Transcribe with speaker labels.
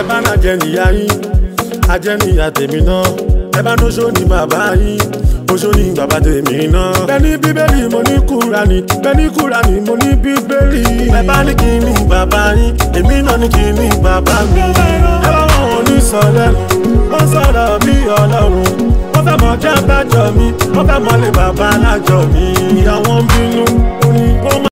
Speaker 1: ẹ bá máa jẹ níyà yín ajẹ́ níyà tèmi náà ẹ bá nóṣó ní bàbá yín oṣó ní bàbá tèmi náà. bẹ́ẹ̀ni bíbélì mo ní kúránì bẹ́ẹ̀ni ni mo ní bíbélì. ẹ bá ní kí ní bàbá yín èmi náà ní kí ní bàbá mi. ẹ bá wọn ò ní sọ lẹ́nu wọ́n bí ọlọ́run wọ́n fẹ́ mọ̀ jẹ́ mi wọ́n fẹ́ mọ̀ lé bàbá alájọ mi. ìyá wọn bínú.